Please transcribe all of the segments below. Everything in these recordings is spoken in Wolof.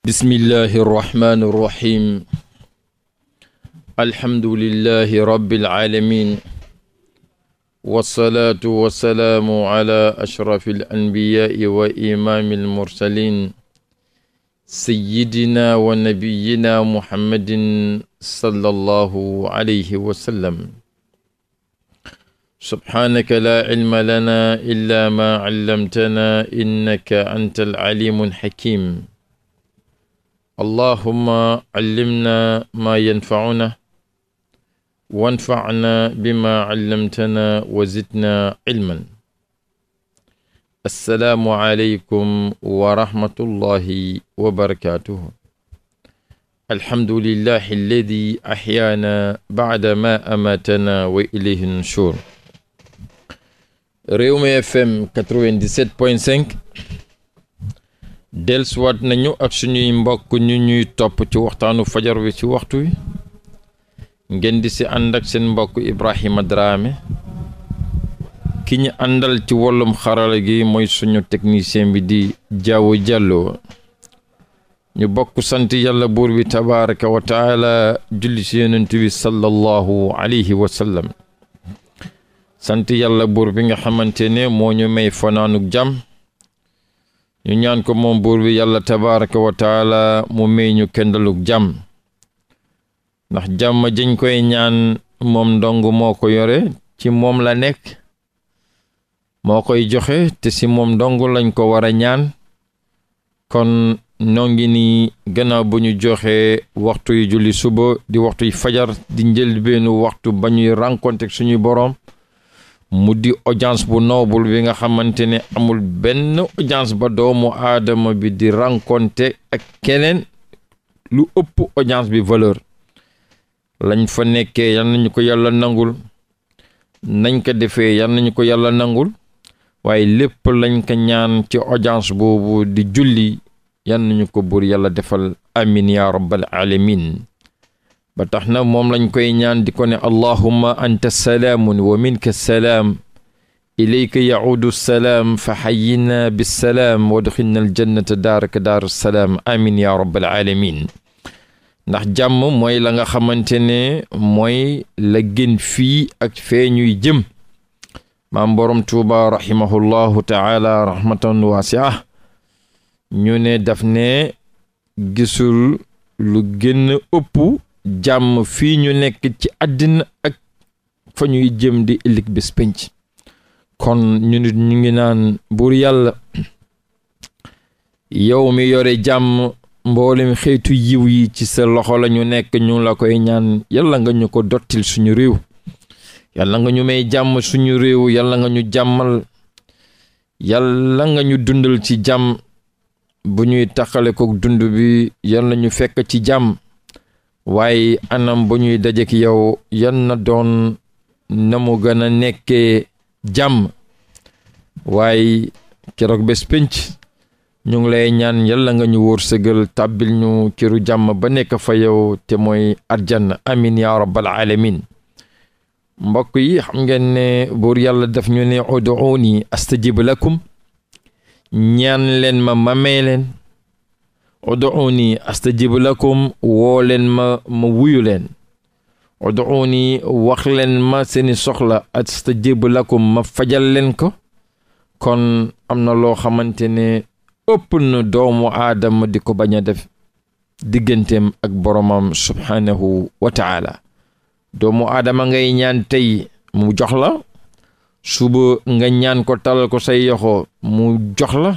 bismillahi irrahmani irrahim alhamdulillahi rabbil alamin wassalaatu wassalaamu ala ashrafi alanbiyaai wa imaami almursalin sayyidina wa nabiyina muhammadin sallallahu alayhi wa sallam subhaanaka laa cilma lana illa ma callamtana innaka anta alcalimu alxakim allahuma callimna maa yanfacuna wanfacna bimaa callamtana wa zidna cilman assalaamu aleykum wa rahmatullahi wa barakaatuhu alhamdulillahi alladi axyaana bacda ma amaatana wa ilayhi nushuur Rewmi FM 97.5 dellusiwaat nañu ak suñuy mbokk ñu ñuy topp ci waxtaanu fajar wi ci waxtu wi ngeen di si ànd ak seen mbokk Ibrahima Dramé ki ñu àndal ci wàllum xarala gi mooy suñu technicien bi di jaww jàlloo ñu bokk sant yàlla buur bi tabaraka wa taala julli si yonent bi sallallahu alayhi sant yàlla buur bi nga xamante ne moo ñu may fanaanug jàmm ñu ñaan ko moom buur bi yàlla tabaraka wa taala mu may ñu kendaluk jàmm ndax jàmm jiñ koy ñaan moom ndong moo ko yore ci moom la nekk moo koy joxe te ci moom ndong lañ ko war a ñaan kon noo ngi ni gannaaw bu ñu joxee waxtu yu julli suba di waxtu yu fajar di njëlbeenu waxtu ba ñuy rencontre suñu boroom mu di audience bu noobul bi nga xamante ne amul benn audience ba doomu aadama bi di rencontre ak keneen lu ëpp audience bi valeur lañ fa nekkee yan nañu ko yàlla nangul nañ ko defee yan nañu ko yàlla nangul waaye lépp lañ ko ñaan ci audience boobu di julli yan nañu ko buur yàlla defal amin ya rabbal alamin ba tax na moom lañ koy ñaan di ko ne allahumma anta salaamun wa minka salaam ilayka yaudu salaam fa xayyina bisalaam wadxilna aljannata daaraka daaru salaam amin ya rabbal alamin ndax jàmm mooy la xamante ne mooy la gën fii ak feeñuy jëm maam borom tuuba rahimahullahu taala rahmatan waasia ñu ne daf ne gisul lu gën ëpp jàmm fii ñu nekk ci àddina ak fa ñuy jëm di ëllëg bés pénc kon ñu nit ñu ngi naan buur yàlla yow mi yore jàmm mboolem xeetu yiw yi ci sa loxo la ñu nekk ñu la koy ñaan yàlla nga ñu ko dottil suñu réew yàlla nga ñu may jàmm suñu réew yàlla nga ñu jàmmal yàlla nga ñu dundal ci jàmm bu ñuy taxale ko dund bi yàlla ñu fekk ci jàmm waaye anam bu ñuy dajeek yow yan na doon na mu gën a nekkee jàmm waaye keroog bés pénc ñu ngi lay ñaan yàlla nga ñu wóor sëgal tàbbil ñu këru jàmm ba nekk fa yow te mooy arjann amin ya rabbal alamin mbokk yi xam ngeen ne buur yàlla daf ñu ne uduuni astajib lakum ñaan leen ma ma leen ud'uuni astajib lakum woo leen ma ma wuyu leen ud'uuni wax leen ma seeni soxla la lakum ma fajal leen ko kon am na loo xamante ne ëpp na doomu aadama di ko bañ a def digganteem ak boromam subhaanahu wa taala doomu aadama ngay ñaan tey mu jox la suba nga ñaan ko talal ko say yoxo mu jox la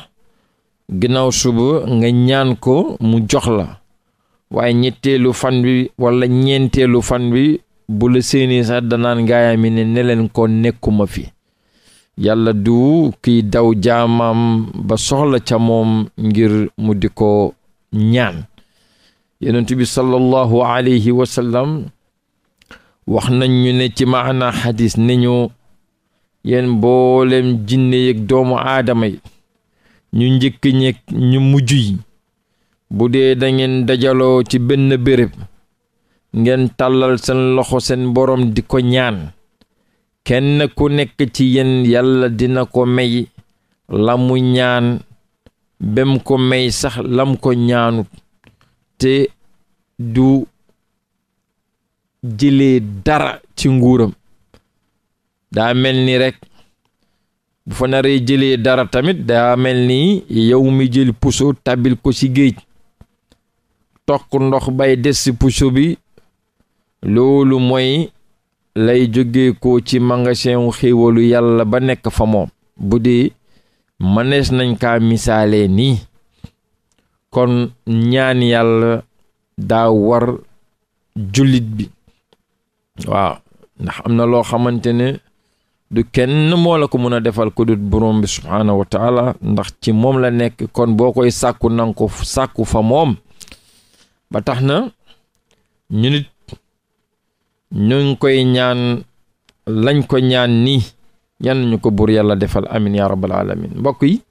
ginnaaw suba nga ñaan ko mu jox la waaye ñetteelu fan bi walla ñeenteelu fan wi bu la seeni sax danaan gaayam yi ne ne leen ko nekkuma fi yàlla du kiy daw jaamam ba soxla ca moom ngir mu di ko ñaan yonent bi sallallahu alayhi wa wax nañ ñu ne ci maana xadis ne ñu yéen mboolem jinne yëg doomu aadama yi ñu njëkk ñeeg ñu mujj yi bu dee da ngeen dajaloo ci benn béréb ngeen tàllal seen loxo seen boroom di ko ñaan kenn ku nekk ci yenn yàlla dina ko may la mu ñaan bem ko may sax lam ko ñaanut te du jilee dara ci nguuram daa mel ni rekk bu fa naree jëlee dara tamit daa mel ni yow mi jël puso tabil ko ci géej tokk ndox bay des ci puso bi loolu mooy lay jóge ko ci magasin xéewalu yàlla ba nekk fa moom bu dee mënees nañ kaa misaale nii kon ñaan yàlla daa war jullit bi waaw ndax am na loo xamante ne du kenn moo la ko mën a defal ko dut borom bi subhaanahu wa taala ndax ci moom la nekk kon boo koy sàkku nang ko sàkku fa moom ba tax na ñu nit ñu ngi koy ñaan lañ ko ñaan nii yan ñu ko buur yàlla defal amin ya rabbal alamin mbokk yi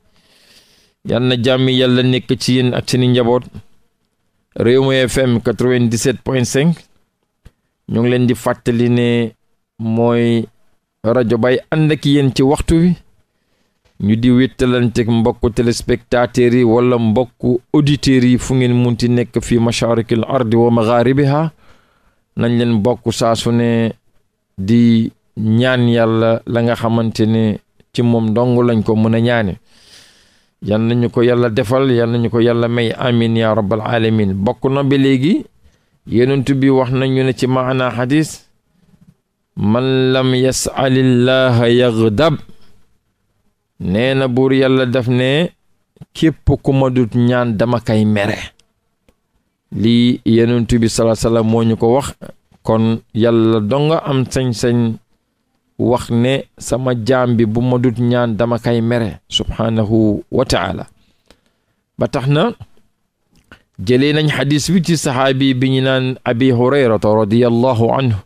yan na jàmm yàlla nekk ci yéen ak seeni njaboot Rewmi FM 97.5 ñu ngi leen di fàttali ne mooy rajo bay ànd ak yéen ci waxtu wi ñu di wéttalanteeg mbokku téléspectateurs yi wala mbokku auditeurs yi fu ngeen mun ti nekk fii masharikil ardi wa magharibiha nañ leen bokk saa ne di ñaan yàlla la nga xamante ne ci moom dong lañ ko mën a ñaane yal nañu ko yàlla defal yal nañu ko yàlla may amin ya rabbal alamin bokk na ba léegi yonent bi wax nañu ne ci maana hadis man lam yasalillaha yaghdab nee na buur yàlla def ne képp ku ma ñaan dama kay mere lii yenentu bi sala sala moo ñu ko wax kon yàlla donga am sañ-sañ wax ne sama jaam bi bu ma ñaan dama kay mere subhaanahu wa taala ba tax na jëlee nañ xadis bi ci saxaabi bi ñu naan abi hurayrata radiyallahu anhu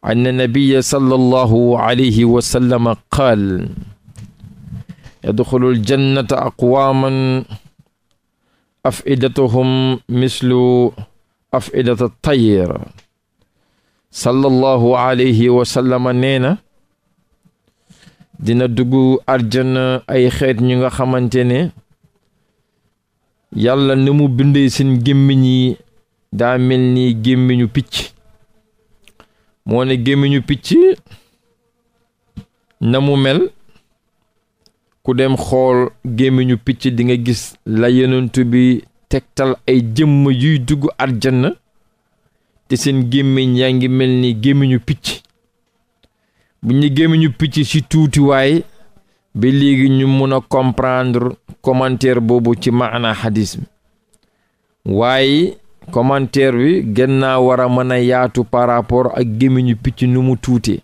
an nabiya sallallahu alayhi wa sallam qaal yadxulu ljannata aqwaaman afidatuhum mislu afidata tayr sallallahu alayhi wa sallam dina dugg arjana ay xeet ñu nga xamante ne yàlla ni mu bindee seen gémmiñ daa mel ni gémmiñu picc moo ne gémmiñu picc na mu mel ku dem xool gémmiñu picc dinga gis la yonent bi tegtal ay jëmm yuy dugg àjjana te seen gémmiñ yaa ngi mel ni gémmiñu picc bu ñu gémmiñu picc ci tuutiwaay bi léegi ñu mun a comprendre commentaire boobu ci maana xadis bi waaye commentaire bi gën naa war a mën a yaatu par ak gémmiñu picc nu mu tuutee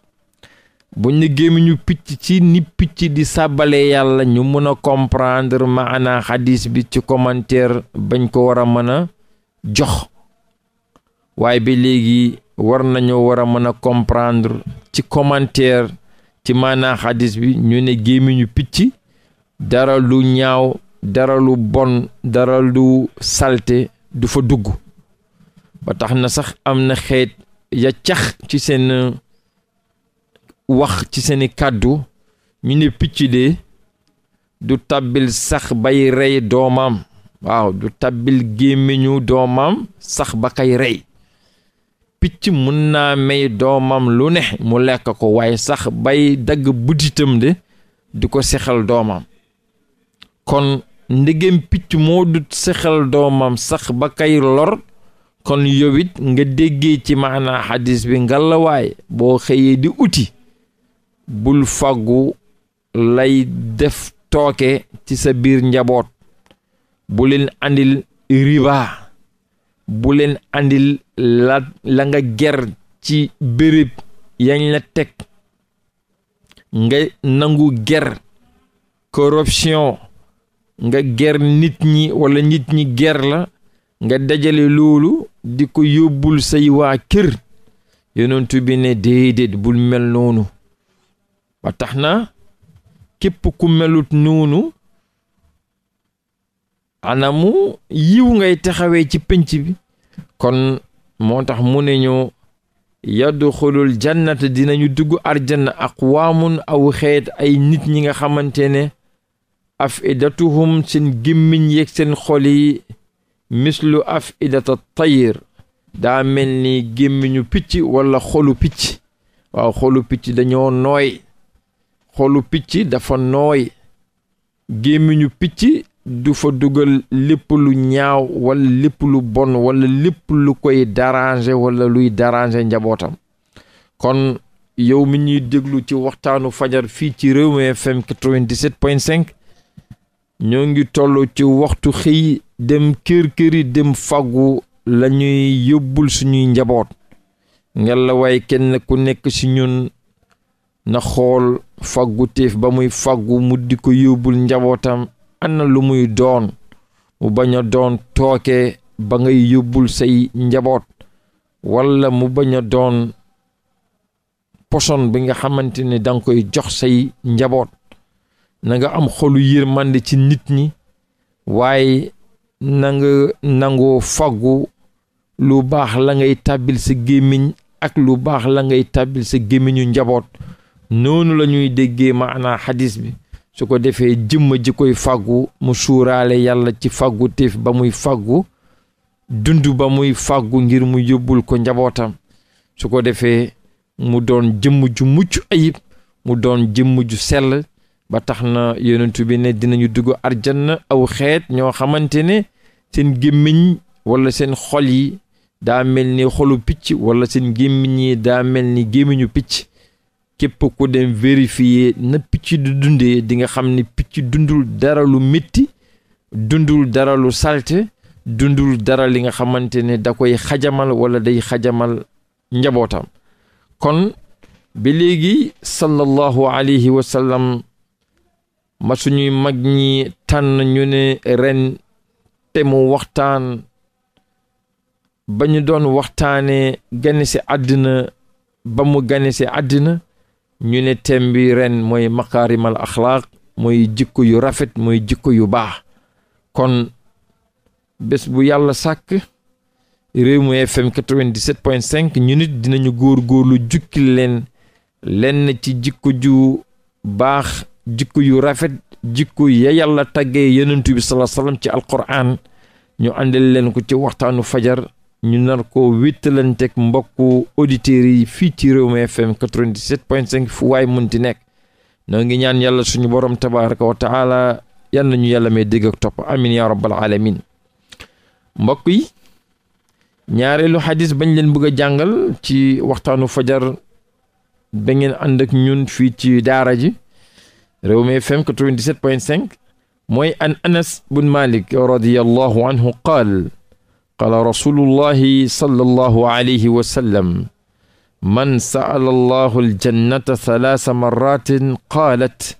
buñ ne gémmiñu picc ci ni picc di sàbbale yàlla ñu mën a comprendre maanaa xadis bi ci commentaire bañ ko war a mën a jox waaye bi léegi war nañoo war a mën a comprendre ci commentaire ci maanaa xadis bi ñu ne gémmiñu picc dara lu ñaaw dara lu bon dara lu salte du fa dugg ba tax na sax am na xeet ya cax ci seen euh, wax ci seeni kàddu ñu ne picc de du tàbbil sax bay rey doomam waaw du tàbbil gémmiñu doomam sax ba kay rey picc mën naa may doomam lu ne mu lekk ko waaye sax bay dagg butitam de du ko sexal doomam kon ndegem picc moo du sexal doomam sax ba kay lor kon yow nga déggee ci maanaa xadis bi ngalawaay boo xëyee di uti bul faggu lay def tooke ci sa biir njaboot bu leen andil riba bu andil la nga ger ci béréb yañ la teg nga nangu ger corruption nga ger nit ñi wala nit ñi ger la nga dajale loolu di ko yóbbul say waa kër yonentu bi ne déedéet bul mel noonu ba tax na képp ku melut noonu anamu yiw ngay taxawee ci pénc bi kon moo tax mu ne ñoo yadxulul jannata dinañu dugg arjanna aqwaamun aw xeet ay nit ñi nga xamante ne afidatuhum seen gémmiñ yeeg seen xol mislu af idata tayir daa mel ni gémmiñu picc walla xolu picc waaw xolu picc dañoo nooy xolu picc dafa nooy gémmiñu picc du fa dugal lépp lu ñaaw wala lépp lu bon walla lépp lu koy déranger wala luy déranger njabootam kon yow mi ñuy déglu ci waxtaanu fajar fii ci réew FM 97.5 ñoo ngi tollu ci waxtu xëy dem kër-këri dem fàggu la yóbbul suñuy njaboot ngel la kenn ku nekk ci ñun na xool fàggu ba muy fàggu mu di ko yóbbul njabootam ana lu muy doon mu bañ a doon tooke ba ngay yóbbul say njaboot walla mu bañ a doon poson bi nga xamante ni danga koy jox say njaboot nanga am xolu yërmande ci nit ñi waaye na nga nangoo faggu lu baax la ngay tàbbil sa gémmiñ ak lu baax la ngay tàbbil sa gémmiñu njaboot noonu la ñuy déggee maanaa xadis bi su ko defee jëmm ji koy faggu mu suuraale yàlla ci faggu téef ba muy faggu dund ba muy faggu ngir mu yóbbul ko njabootam su ko defee mu doon jëmm ju mucc ayib mu doon jëmm ju sell ba tax na yonentu bi ne dinañu dugg arjanna aw xeet ñoo xamante ne seen gémmiñ wala seen xol yi daa mel ni xolu picc wala seen gémmiñ yi daa mel ni gémmiñu picc képp ku dem vérifier na picc du dundee dinga xam ni picc dundul dara lu métti dundul dara lu salte dundul dara li nga xamante ne da koy xajamal wala day xajamal njabootam kon ba léegi sallallahu alayhi wa ma suñuy mag ñi tànn ñu ne ren te mu waxtaan ba ñu doon waxtaanee gane si àddina ba mu gane si àddina ñu ne thème bi ren mooy maqaarimal axlaaq mooy jikko yu rafet mooy jikko yu baax kon bés bu yàlla sàkk Rewmi FM 97.5 ñu nit dinañu góor góorlu jukki leen lenn ci jikko ju baax jikko yu rafet jikko ya yàlla tàggee yenentu bi salaa sallam ci alquran ñu àndal leen ko ci waxtaanu fajar ñu nar ko wéttalanteeg mbokku auditeurs yi fii ci Rewmi FM 97.5 fu waay munti nekk noo ngi ñaan yàlla suñu borom tabaraka wa taala yal na yàlla may dégg ak topp amin ya rabbal alamin mbokk yi ñaareelu xadis bañ leen bëgg a jàngal ci waxtaanu fajar da ngeen ànd ñun fii ci daara ji Rewmi FM 97.5 mooy an Anas bun Malik radiyallahu anhu qaal qaala rasulullahi sallallahu alayhi wa sallam man sa'ala allahu aljannata thalaatha marratin qaalat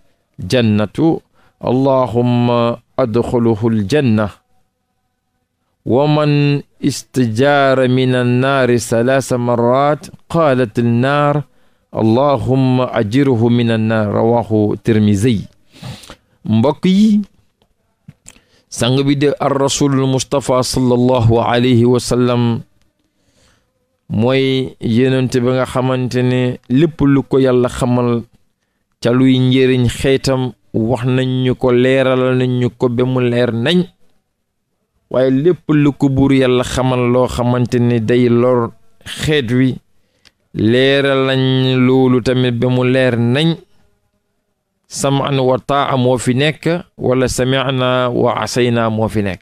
jannatu allahumma adxuluhu aljanna wa man istajaara min annaari thalaatha marrat qaalat annaar allahumma ajirhu minan naar rawahu tirmisi mbokk yi sang bi de ar rasulul mustapha sallallahu alayhi wa mooy yenente ba nga xamante ne lépp lu ko yàlla xamal ca luy njëriñ xeetam wax nañ ñu ko leeral nañ ñu ko ba mu leer nañ waaye lépp lu buur yàlla xamal loo xamante ne day lor xeet wi leeral nañ loolu tamit ba mu leer nañ samaan wa taa moo fi nekk wala samiana wa asayna moo fi nekk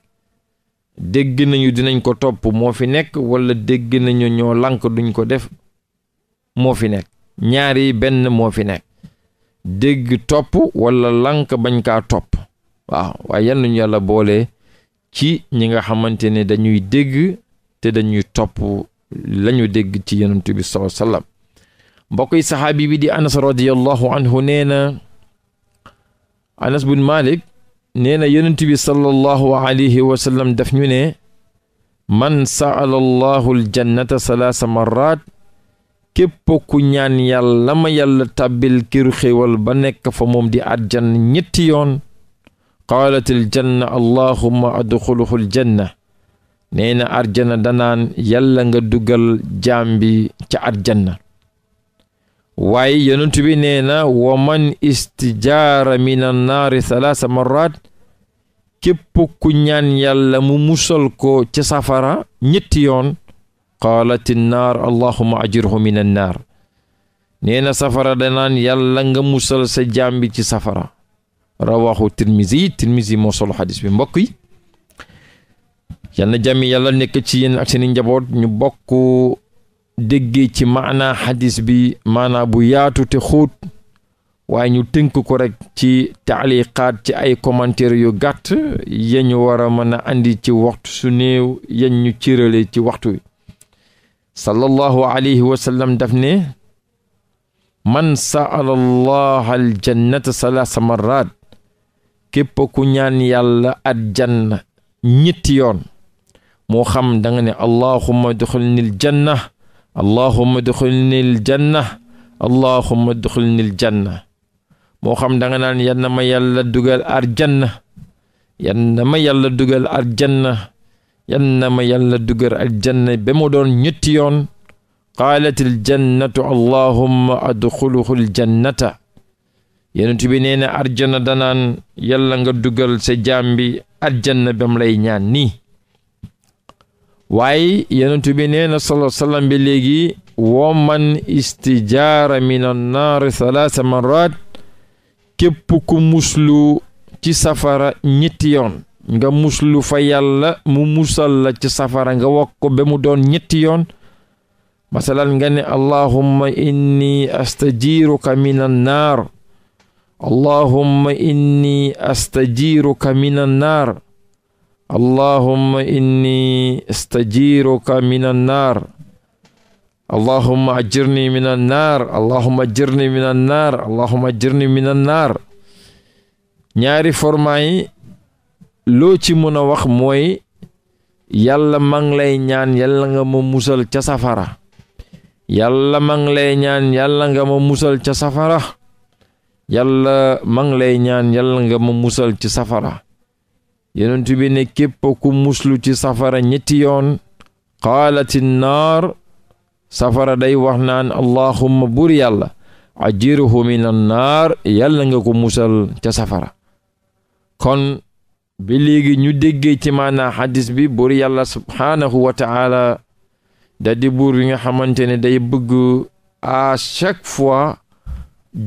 dégg nañu dinañ ko topp moo fi nekk walla dégg nañu ñoo lank duñ ko def moo fi nekk ñaari benn moo fi nekk dégg topp walla lank bañ kaa topp waaw waaye yal nañu yàlla boole ci ñi nga xamante ne dañuy dégg te dañuy topp lañu dégg ci yonent bi sallallahu wa sallam mbokk yi saxaabi bi di anas radiallahu anhu nee na anas bun malik nee na yonent bi sallallahu alayhi wa sallam daf ñu ne man saala allahu aljannata salaasa marrat képp ku ñaan yàlla ma yàlla tàbbil kiru xéwal ba nekk fa moom di àjjan ñetti yoon qaalat aljanna allahumma adxuluhu aljanna nee na arjana danaan yàlla nga dugal jaam bi ca arjana waaye yonent bi nee na wa man istijaara min an naari salaasa marrat képp ku ñaan yàlla mu musal ko ca safara ñetti yoon qaalat innaar allahuma ajirhu min an naar na safara danaan yàlla nga musal sa jaam bi ci safara rawahu tirmisi tirmisi moo solo xadis bi mbokk yi yal na jàmmi yàlla nekk ci yéen ak seeni njaboot ñu bokk déggee ci maanaa xadis bi maanaa bu yaatu te xóot waaye ñu tënk ko rekk ci taaliqaat ci ay commentaire yu gàtt yañu war a mën a andi ci waxtu su néew yañ ñu ci waxtu wi sallallahu alayhi daf ne man saala allah aljannata salaasa marraat képp ku ñaan yàlla at janna ñetti yoon moo xam danga nga ne allahumma duxulni l janna allahumma duxulni l janna allahumma duxulni l moo xam da nga naan yan na ma yàlla dugal arjanna yan na ma yàlla dugal arjanna yan na ma dugal arjanna ba mu doon ñetti yoon qaalat il jannatu allahumma adxuluhu l jannata yenentu bi nee na arjanna danaan nga dugal sa jaam bi arjanna ba mu lay ñaan nii waaye yonent bi nee na sallallahu alayhi wa sallam bi léegi wa man istijaara min annaari thalaatha marat képp ku muslu ci safara ñetti yoon nga muslu fa yàlla mu musal la ci safara nga wax ko ba mu doon ñetti yoon masalan nga ne allahumma inni astajiiruka min annaar allahumma inni astajiiruka min annaar allahumma inni astajiiruka min annaar allahumma ajirni min annaar allahumma ajirni min annaar ñaari format loo ci mën a wax mooy yàlla ma lay ñaan yàlla nga ma musal ca safara yàlla ma lay ñaan yàlla nga ma musal ca safara yàlla ma lay ñaan yàlla nga ma musal ca safara yonent bi ne képp ku muslu ci safara ñetti yoon qaalati naar safara day wax naan allahumma bur yàlla ajirhu min an naar yàlla nga ko musal ca safara kon bi léegi ñu déggee ci maanaa bi bur yàlla subhaanahu wa da di buur bi nga xamante ne day bëgg à chaque fois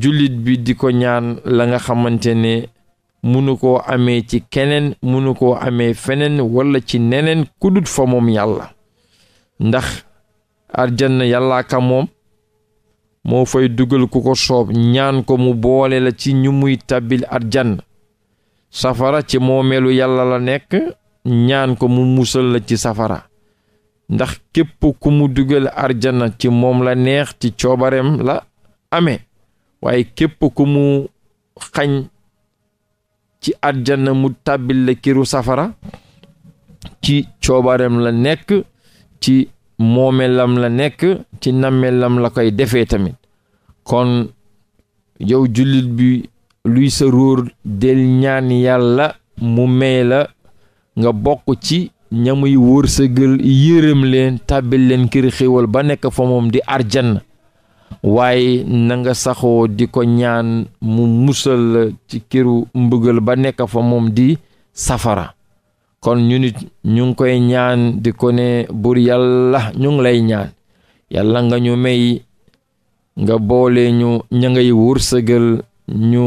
jullit bi di ko ñaan la nga xamante ne munu koo amee ci keneen munu koo ame feneen walla ci neneen kudut fa moom yàlla ndax arjanna yàllaa ka moom moo fay dugal ku ko soob ñaan ko mu boole la ci ñu muy tabbil arjanna safara ci moomeelu yàlla la nekk ñaan ko mu musal la ci safara ndax képp ku mu dugal arjana ci moom la neex ci coobareem la amee waaye képp ku mu xañ ci àjjana mu tàbbil la safara ci coobareem la nekk ci moomelam la nekk ci nammelam la koy defee tamit kon yow jullit bi luy sa róor del ñaan yàlla mu may la nga bokk ci ñamuy wërsëgal yërëm leen tàbbil leen kir xéwal ba nekk fa moom di arjan waaye na nga saxoo di ko ñaan mu musal la ci këru mbugal ba nekk fa moom di safara kon ñu nit ñu ngi koy ñaan di ko ne bur yàlla ñu ngi lay ñaan yàlla nga ñu may nga boole ñu ña ngay wërsëgal ñu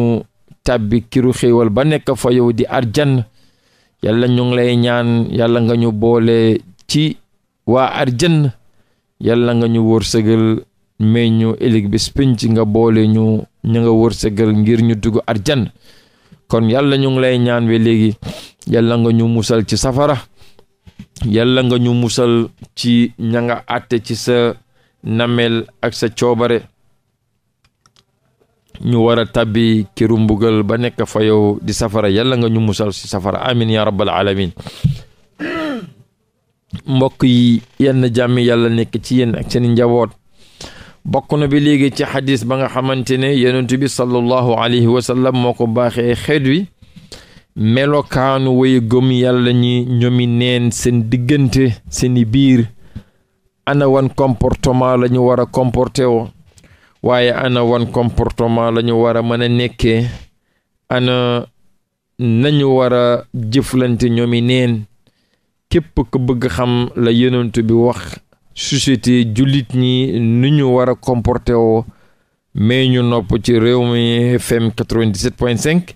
tàbbi kiru xéewal ba nekk fa yow di arjan yàlla ñu ngi lay ñaan yàlla nga ñu boole ci waa arjan yàlla nga ñu wërsëgal may ñu ëllëg bis pinc nga boole ñu ñu nga wërsëgal ngir ñu dugg arjan kon yàlla ñu ngi lay ñaan ba léegi yàlla nga ñu musal ci safara yàlla nga ñu musal ci ñanga nga àtte ci sa namel ak sa coobare ñu war a tabbi këru mbugal ba nekk fa di safara yàlla nga ñu musal ci safara amin ya rabbal alamin mbokk yi yenn jàmm yàlla nekk ci yenn ak seeni njaboot bokk na bi léegi ci xadis ba nga xamante ne yonent bi sallallahu alayhi wa sallam moo ko baaxee xeet wi melokaanu way gëm yàlla ñi ñoomi neen seen diggante seeni biir ana wan comportement la ñu war a comporté woo waaye ana wan comportement la ñu war a mën a nekkee ana nañu war a jëflante ñoomi neen képp ku bëgg xam la yonent bi wax société jullit ñi nu ñu war a comporté woo mais ñu nopp ci réew mi FM 97.5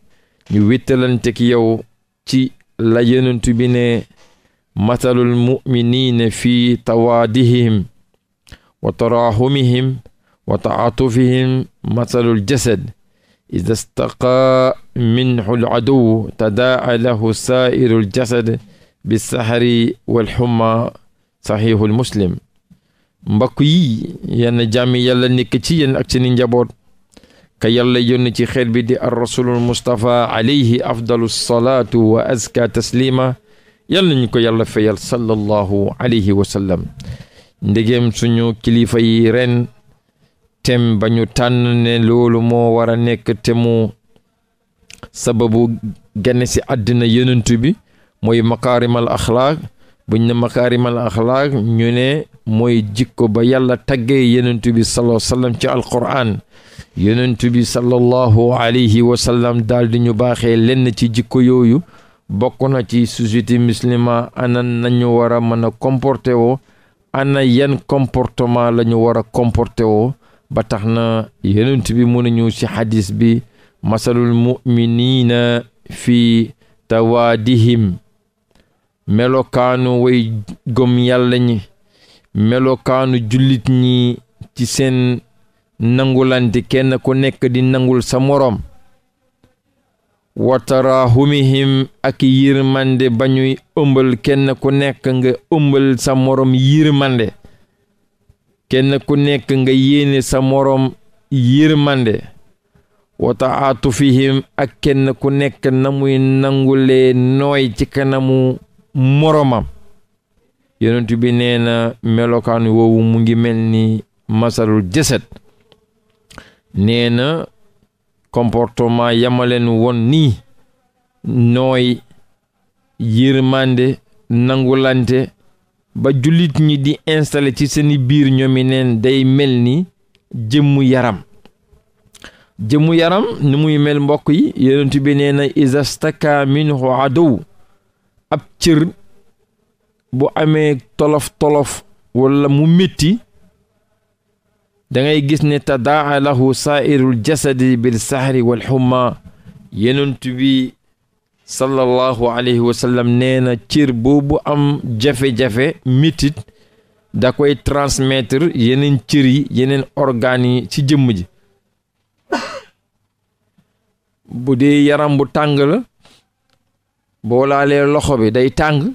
ñu wéttalante ki yow ci la yenentu bi ne fi tawaadihim wa tarahumihim wa taatufihim matalul jasad ida staqaa minhu ladow tadaa lahu saairu l jasad bilsahari walxumma saxiixul muslim mbokk yi yenn jàmmi yàlla nekk ci yéen ak seeni njaboot ka yàlla yónni ci xeet bi di ar rasulul mustapha alayhi afdalu salaatu wa azka taslima yàlla ñu ko yàlla fayal sallallahu alayhi wa sallam ndegem suñu kilifa yi ren tem ba tànn ne loolu moo war a nekk te mu sababu gane si àddina yonent bi mooy makaarimal axlaaq buñ ne makaarimal axlaaq ñu ne mooy jikko ba yàlla taggee yonent bi sallallahu alayhi wa sallam ci alquran yonent bi sallallahu alayhi wa sallam daal di ñu baaxee lenn ci jikko yooyu bokk na ci société muslima ana nañu war a mën a comporté woo ana yan comportement la ñu war a comporté woo ba tax na yonent bi mu nañu ci xadis bi masalul muminina fi tawaadihim melokaanu way gëm yàlla ñi melokaanu jullit ñi ci seen nangulante kenn ku nekk di nangul sa moroom watarahumihim ak yërmande ba ñuy ëmbal kenn ku nekk nga ëmbal sa moroom yërmande kenn ku nekk nga yéene sa moroom yërmande wataatufihim ak kenn ku nekk na muy nangulee nooy ci kanamu moroomam yonent bi nee melokaan woowu mu ngi mel ni masalul jëset nee na comportement yamaleen woon nii nooy yërmande nangulante ba jullit ñi di installé ci seeni biir ñoomi neen day mel ni jëmmu yaram jëmmu yaram ni muy mel mbokk yi yonent bi nee na isastaka minhu adow ab cër bu amee tolof-tolof wala mu metti dangay gis ne tadaa lahu saairul jasadi bil sahri wal xumma yenentu bi sallallahu alayhi wa nee na cër boobu am jafe-jafe métit da koy transmettre yeneen cër yeneen organes ci jëmm ji bu dee yaram bu tàng boo loxo bi day tàng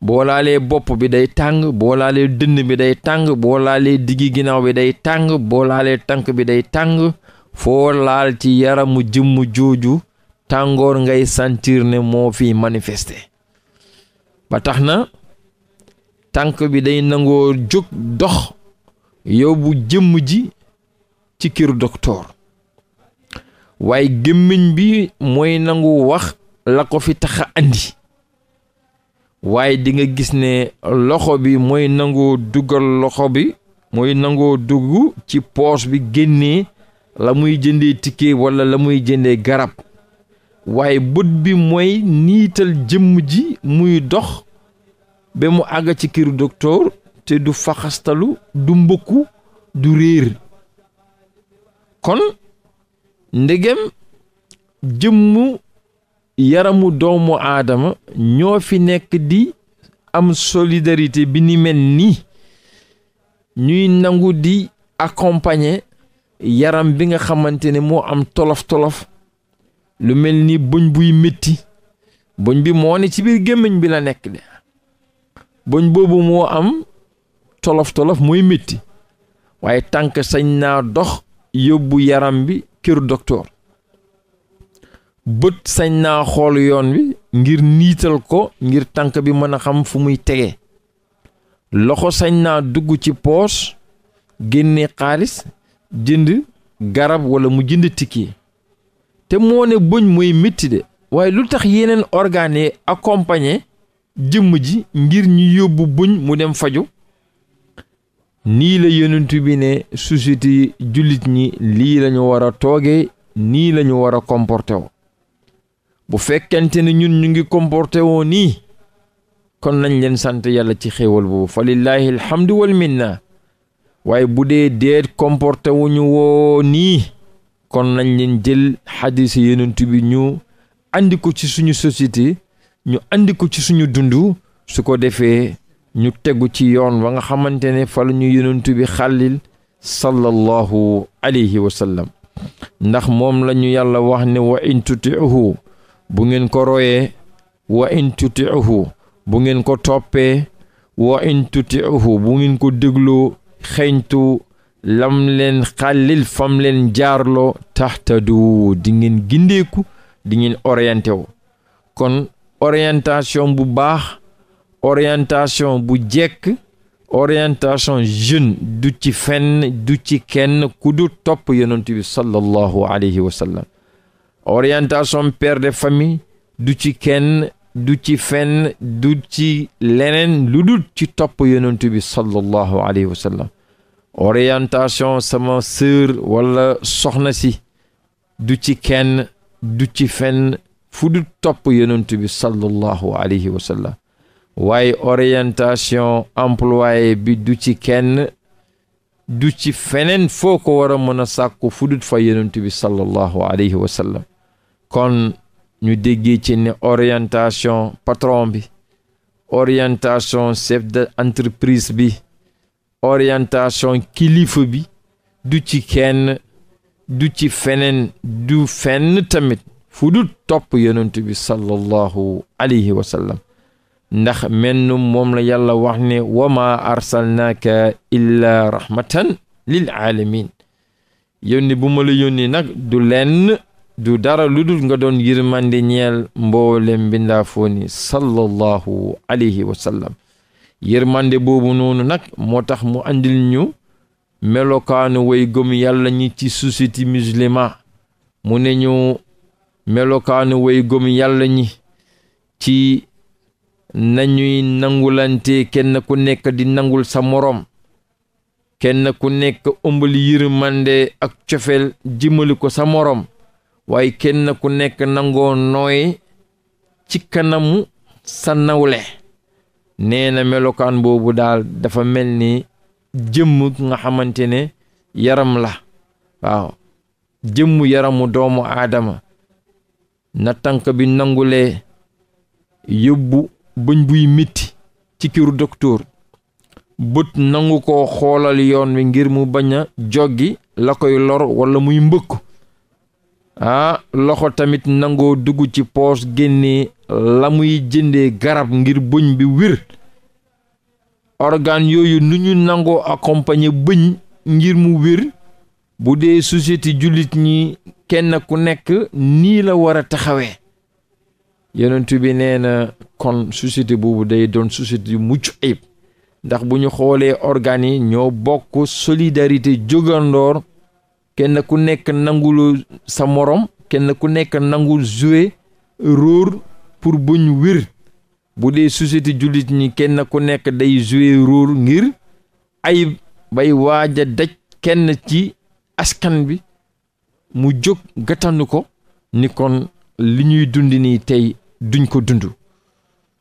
boo laalee bopp bi day tàng boo laalee dënn bi day tàng boo laalee diggi ginnaaw bi day tàng boo laalee tànk bi day tàng foo laal ci yaramu jëmm jooju tàngoor ngay sentir ne moo fi manifester ba tax na tànk bi day nangoo jóg dox yóbbu jëmm ji ci kër doktoor waaye gémmiñ bi mooy nangu wax la ko fi tax a andi waaye dinga gis ne loxo bi mooy nangoo loxo bi mooy nangoo dugg ci poos bi génnee la muy jëndee ticket walla la muy jëndee garab waaye bët bi mooy niital jëmm ji muy dox ba mu àgg ci kër doktoor te du faxastalu du mbëkku du réer kon ndegem jëmm yaramu doomu aadama ñoo fi nekk di am solidarité bi ni mel nii ñuy nangu di accompagner yaram bi nga xamante ne moo am tolof-tolof lu mel ni bëñ buy métti bëñ bi moo ne ci biir gémmiñ bi la nekk de bëñ boobu moo am tolof-tolof mooy métti waaye tànk sañ naa dox yóbbu yaram bi kër doktoor bët sañ naa xool yoon wi ngir niital ko ngir tànk bi mën a xam fu muy tege loxo sañ naa dugg ci poos génne xaalis jënd garab walla mu jënd tikki te moo ne bëñ mooy métti de waaye lu tax yeneen organes yi accompagner jëmm ji ngir ñu yóbbu bëñ mu dem faju nii la yonent bi ne yi jullit ñi lii lañu war a toogee nii lañu war a comporté wo bu fekkente ne ñun ñu ngi comporté woo nii kon nañ leen sant yàlla ci xéewal boobu fa lillahi alhamdu wal minna waaye bu dee deet comporté wu ñu woo nii kon nañ leen jël xadis yenent bi ñu andi ko ci suñu société ñu andi ko ci suñu dund su ko defee ñu tegu ci yoon wa nga xamante ne fa la ñu yenent bi xàllil sallallahu alayhi wa sallam ndax moom lañu yàlla wax ne wa in tutiuhu bu ngeen ko royee wa in tutiuhu bu ngeen ko toppee wa in tutiuhu bu ngeen ko dégloo xeñtu lam leen xàllil fam leen jaarloo du di ngeen gindeeku di ngeen orienté wu kon orientation bu baax orientation bu jekk orientation jeune du ci fenn du ci kenn ku du topp yonent bi sallallahu alayhi wa sallam orientation père de famille du ci kenn du ci fenn du ci leneen lu dul ci topp yonent bi sallallahu alayhi wa sallam orientation sama sœur wala soxna si du ci kenn du ci fenn fu dul topp yonent bi sallallahu alayhi wa waaye orientation employé bi du ci kenn du ci feneen foo ko war a mën a sàkku fu dul fa yonent bi sallallahu alayhi wa sallam kon ñu déggee ci ne orientation patron bi orientation chef d'entreprise bi orientation kilifa bi du ci kenn du ci feneen du fenn tamit fu du topp yonent bi sallallahu alayhi wa ndax menn moom la yàlla wax ne wama arsalnaaka illa rahmatan lil alamin yónni bu ma la nag du lenn du dara lu dul nga doon yërmande ñeel mboolem mbindaafooni sallallahu alayhi wa sallam yërmande boobu noonu nag moo tax mu andil ñu melokaanu way gëm yàlla ñi ci société musulma mu ne ñu melokaanu way gëm yàlla ñi ci nañuy nangulante kenn ku nekk di nangul sa moroom kenn ku nekk ëmbal yërmande ak cofeel jimmali ko sa moroom waaye kenn ku nekk nangoo nooy ci kanamu sa nawle nee na melokaan boobu daal dafa mel ni jëmm nga xamante ne yaram la waaw jëmm yaramu doomu aadama na tànk bi nangulee yóbbu bëñ buy mitti ci kiru doktoor bët nangu ko xoolal yoon wi ngir mu bañ a joggi la koy lor walla muy mbëkk ah loxo tamit nangoo dugg ci poos génne la muy jëndee garab ngir bëñ bi wir organe yooyu nu ñu nangoo accompagner bëñ ngir mu wir bu dee société jullit ñi kenn ku nekk nii la war a taxawee yonent bi nee na kon société boobu day doon société yu mucc ayib ndax bu ñu xoolee organes yi ñoo bokk solidarité jógandoor kenn ku nekk nangul sa morom kenn ku nekk nangul jouer rôle pour buñ wir bu dee société jullit ñi kenn ku nekk day jouer rôle ngir ayib bay waaja a daj kenn ci askan bi mu jóg gàttandu ko ni kon li ñuy dund nii tey duñ ko dund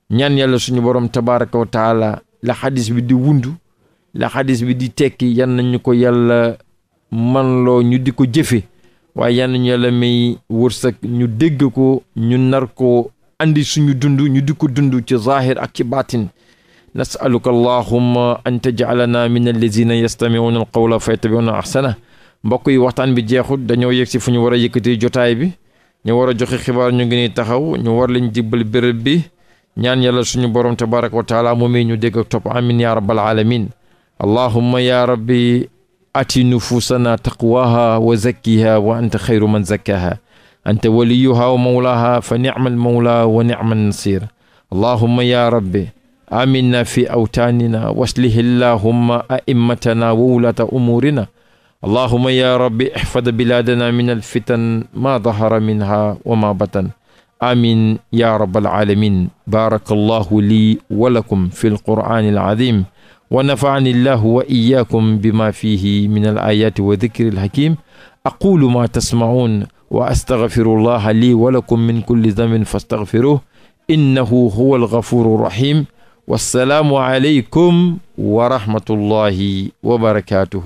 ñaan yàlla suñu borom tabaraka wa taala la xadis bi di wundu la xadis bi di tekki yan nañu ko yàlla man loo ñu di ko jëfe waaye yal nañu yàlla may wërsëg ñu dégg ko ñu nar ko andi suñu dund ñu di ko dund ci zaahir ak ci baatin nasaluka allahumma an tajcalana min allazina yastamicuuna alqawla fa yattabicuuna ahsana mbokk yi waxtaan bi jeexut dañoo yegg si fu ñu war a yëkkatee jotaay bi ñu war a joxe xibaar ñu ngi ni taxaw ñu war lañ jibbal béréb bi ñaan yàlla suñu borom tabaraka wa taala moomee ñu dégg ak topp amin ya rabbal alamin allahumma ya rabbi ati nufuusanaa taqwaha wa zakkiha wa anta xayru man zakkaha anta waliyuha wa mawlaha fa ni'mal mawla wa ni'man nasir allahumma ya rabbi aminna fi awtaanina waslih allahumma a'immatana wa wulata umuurina allahumma ya rabbi ihfad bilaadana min alfitan ma dahara minha wa ma batan amin ya rabbal alamin baaraka allahu lii wa lakum fi alqur'aani alazim wa nafaani llahu wa iyaakum bima fihi min al ayaati wa dikri al hakim aqulu ma tasmaun wa astaghfiru llaha lii wa lakum min kulli dambin fastaghfiruh innahu huwa al ghafuru rahim wassalaamu aleykum wa rahmatullahi wa barakaatuhu